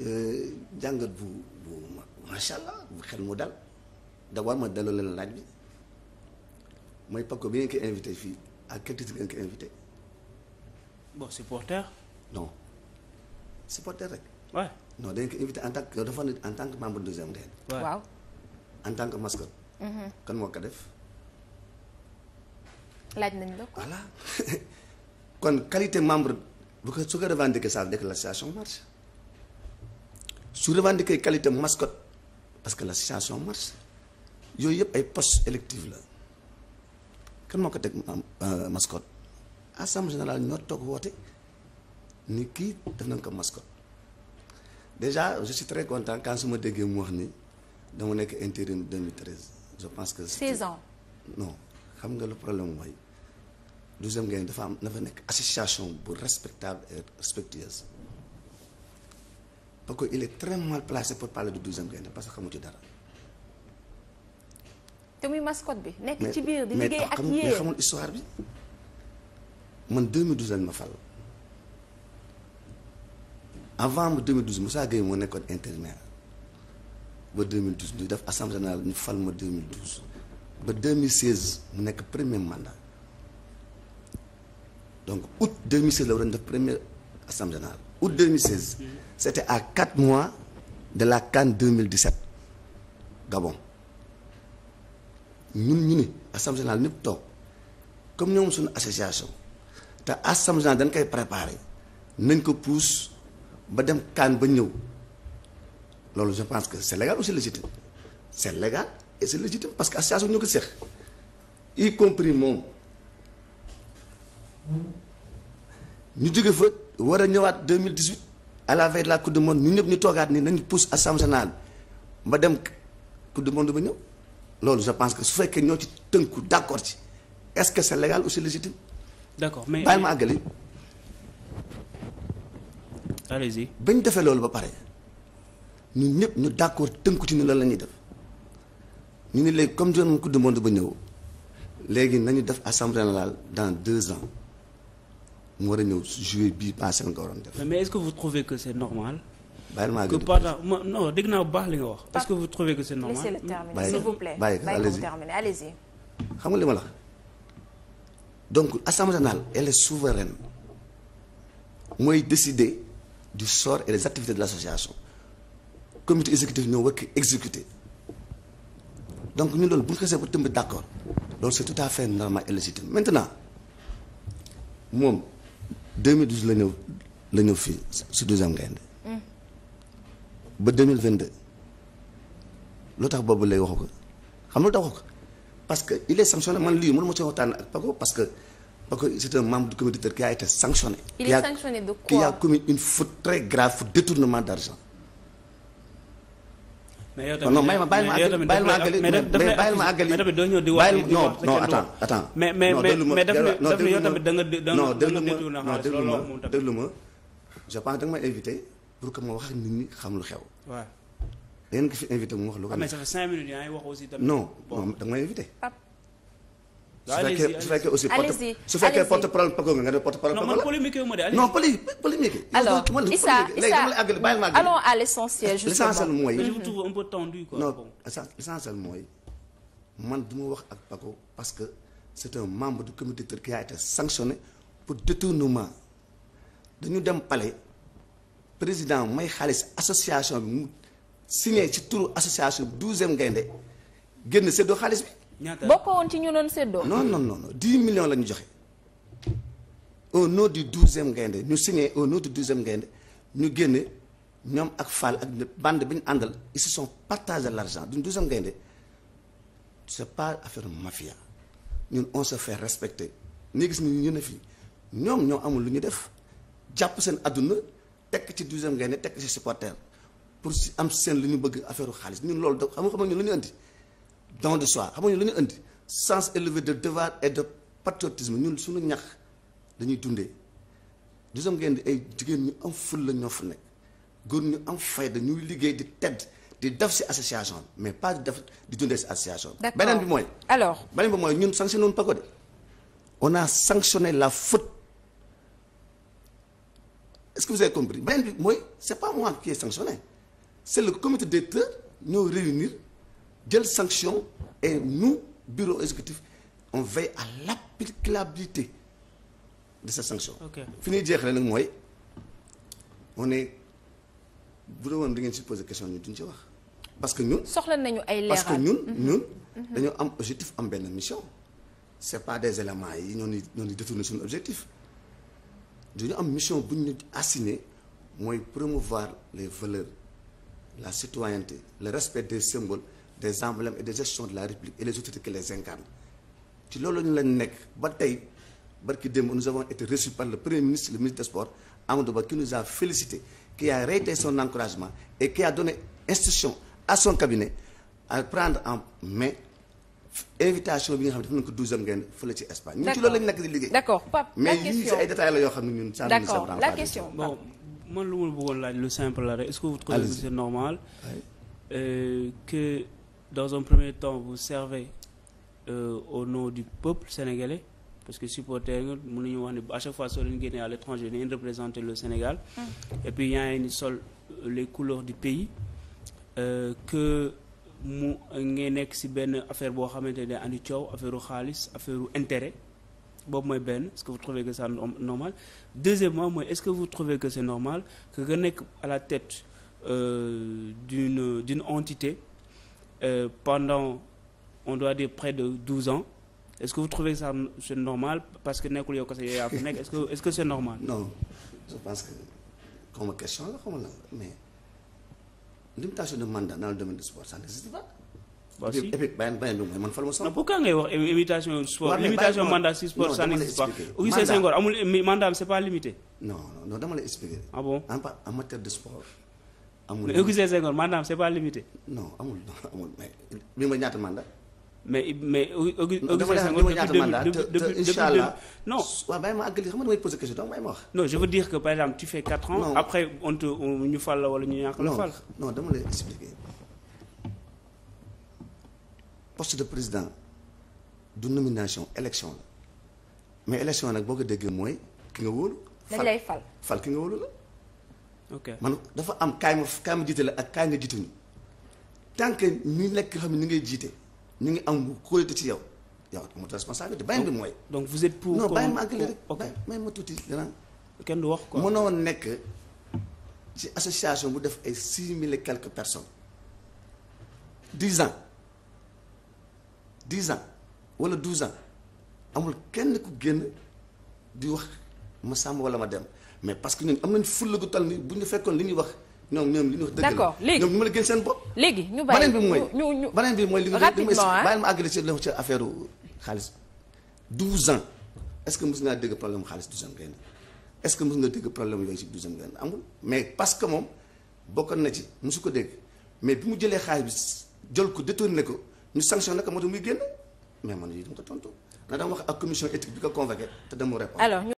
Euh, jàngat bu bu macha allah bu xel mu dal d'abord ma delloo leen laaj bi mooy Paco bi ngeen ko invité fii à en tant que que membre deuxième DRD. waaw mm-hmm. qualité membre bu ko su ko revendiquer sa déclaration marche. su revendiquer qualité mascotte parce que l'association marche yooyu yëpp ay poste élective la kan moo ko teg euh, mascotte assemblée générale ñoo toog woote ni kii def nañ ko mascotte déjà je suis très content quand su ma déggee mu wax ni dama nekk intérim 2013 je pense que. 16 ans non xam nga le problème mooy douzième Gaindé dafa am dafa nekk association bu respectable et respectueuse. parce que il est très mal placé pour parler du douzième gaynde parce que xamu ci dara. te muy mascotte bi. nekk ci biir di liggéey ak yéen man 2012 lañ ma fal. avant ma mu Moussa Gueye moo nekkoon intérimaire ba 2012 ñu def assemblée générale ñu fal ma 2012 ba 2016 mu nekk premier mandat donc août 2016 la war a def première assemblée générale. août 2016 c'était à quatre mois de la CAN 2017 Gabon ñun ñu ne assemblée nationale toog comme ñoom suñu association te assemblée nationale dañ koy préparé nañ ko pousse ba dem CAN ba ñëw loolu je pense que c'est légal ou c'est légal et c'est légitime parce que association ñoo ko seq y compris moom ñu jóge fa war a ñëwaat 2018 à la veille de la coupe du monde ñun ñëpp ñu toogaat ni nañu pousse assemblée nationale ba dem coupe du ba ñëw loolu je pense que su fekkee ñoo ci tënku d' ci est ce légal ou c' est d' accord mais bàyyi ma àggale. allez ba ñu defee loolu ba pare ñun ñëpp ñu d' accord tënku ci ni loolu la ñuy def ñu ngi léegi comme du coupe du monde ba ñëw léegi nañu def assemblée nationale dans deux ans. mu war a ñëw juillet bi passé nga ko waroon def. mais est-ce que vous trouvez que c'est normal. bàyyi maa gën non dégg naa bu baax li nga wax. est-ce que vous trouvez que c'est normal. laissez-le terminer s'il vous plaît bàyyi bàyyi ko terminer allez nga li ma la donc assemblée nationale elle est souveraine mooy décider du sort et des activités de l'association comité exécutif ñoo war exécuter donc ñun loolu bu ñu xasee ba tëmb d'accord loolu c'est tout à fait normal et légitime maintenant moom. 2012 la ñëw la ñëw fii si douzième gaynde ba 2022 lu tax boobu lay waxu ko xam lu tax waxu ko parce que il man lii mënu ma ci waxtaan ak Paco parce que Paco c'est un membre du comité qui a été sanctionné. il est sanctionné de a commis une faute très grave pour détournement d'argent non may ma bàyyil ma àggali bàyyil ma àggali bàyyil ma àggali mais tamit doo ñëw di wax non non attends attends mais mais mais daf ne yow tamit da nga da nga déglu ma invité pour que ma wax nit ñi xam lu xew waaw da ngeen ko fi invité mu wax lu ko ah, mais ça fait cinq minutes yaa wax aussi tamit invité su fekkee aussi su fekkee porte parole Paco nga ne porte parole Paco la polémique ma de non polémique alors Issa Issa allons à l'essentiel justement l'essentiel mooy je vous trouve un peu tendu quoi non l'essentiel mooy man du ma wax ak Paco parce que c'est un membre du comité directeur qui a été sanctionné pour détournement dañu dem palais président may xaalis association bi mu signé ci turu association bi douzième gaynde génn séddoo xaalis bi ñaata bokkoo woon ci ñu doon séddoo. non non non non dix la ñu joxe au nom du douzième ngaynde ñu signé au nom du douzième gaynde ñu génne ñoom ak Fall ak bande bi ñu àndal ils se sont partagé l' argent du douzième gaynde pas affaire mafia ñun on se respecte respecter ni gis ñu ne fii ñoom ñoo amul lu ñu def jàpp seen àdduna tekk ci douzième gaynde tekk ci supporter pour si am seen lu ñu bëgg affaire xaalis ñun loolu da xam nga xam ñun lu ñu andi. don de soi xam nga lu ñu indi sens élevé de devoir et de patriotisme ñun suñu ñax dañuy dundee du sam ngeen di ay jigéen ñu am ful la ñoo fa nekk góor ñu am fayda ñuy liggéey di tedd di def ci association bi mais pas di def di dundee ci association bi. beneen bi mooy. alors beneen bi mooy ñun sanctionné woon Pagode on a sanctionné la faute est-ce compris beneen bi mooy c'est pas moi qui ai sanctionné c'est le comité directeur ñoo réunir. jël sanction et nous bureau exécutif on veille à l'applicabilité de cette sanction. ok fi ñuy jeexle nag mooy moo ne bu woon da ngeen si poser question ñu duñ ci wax. parce que ñun soxla nañu ay leeral parce que ñun ñun. Mm-hmm. Mm-hmm. dañoo am objectif am benn mission. c'est pas des éléments yi ñoo ñu ñoo ñu détourné suñu objectif dañu am mission bu ñu assigné mooy promouvoir les valeurs la citoyenneté le respect des symboles. des emblèmes et des gestions de la République et les autorités qui les incarnent ci loolu ñu nekk ba tey barki démb nous avons été reçus par le premier ministre le ministre des sports Amadou Ba qui nous a félicité qui a réitéré son encouragement et qui a donné instruction à son cabinet à prendre en main invitation bi nga xam ne def nañ ko douzième ngeen fële ci Espagne. ñun ci loolu lañ nekk liggéey. d'accord Pape la ci ay détails la yoo xam ne ñun. ça dans un premier temps vous servez euh, au nom du peuple sénégalais parce que supporter nga mën nañu wax ne à chaque fois soo leen génnee à l'étranger dañuy représenter le Sénégal mm. et puis yaa ni sol les couleurs du pays euh, que mu ngay nekk ci benn affaire boo xamante ne andi coow affaire u xaalis affaire u intérêt boobu mooy benn est-ce que vous trouvez que ça normal deuxièmement mooy est-ce que vous trouvez que c'est normal que nga nekk à la tête euh, d'une entité euh, pendant on doit dire près de douze ans est-ce que vous trouvez ça c'est normal parce que nekkul yow kese yow yaa fi nekk est-ce que c'est normal. non je pense que comme question la xaw ma lan la mais limitation de mandat dans le domaine du sport ça n'existe pas. waaw si et puis bàyyi man fa la ma soxla. non pourquoi ngay wax limitation sport limitation mandat si sport ça n'existe pas. Augustin Senghor amul mandat c'est pas limité. non non non dama lay expliquer. Ah amul Augustin Senghor maanaam c'est pas limité. non amul amul mais mi ma ñaata mandat. mais mais Augustin Senghor depuis incha allah non waaw bàyyi ma àggali xam nga damay poser question donc bàyyi ma wax. non je veux dire que par exemple tu fais 4 ans. après on te ñu fal la wala ñu ñàkk la fal. non dama lay expliquer poste de président du nomination élection la mais élection nag boo ko déggee mooy ki nga wóolu. fal fal ki nga wóolu la. ok man dafa am kaay ma kaay ma jiite la ak kaay nga jiite ñu tant que ñu nekk xam ne ñu ngay jiite ñu ngi am kóolute ci yow yow amatu responsabilité bàyyi bi mooy. donc vous êtes pour non bàyyi ma àggale rek kenn du wax quoi mënoo nekk ci association bu def ay six mille et quelques personnes dix ans dix wala douze ans amul kenn ku génn di wax ma sàmm wala ma dem. mais parce que am nañ fulla gu tal ni bu ñu fekkoon li ñuy wax ñoom ñoom li ñuy wax dëgg léegi ñoom ñu ma la gën seen bopp léegi bi mooy ñu bi mooy li nga bàyyi ce que mës ngaa dégg problème xaalis 12 ans ngeen est-ce que mës nga dégg problème yooyu ci 12 ans ngeen amul mais parce que moom bokkoon na ci mosu ko dégg mais bi mu jëlee xaalis bi jël ko détourné ko ñu sanctionné ko moo tax muy génn mais man yi dama ko tontu na dama wax ak commission éthique bi ko convoqué te dama répondre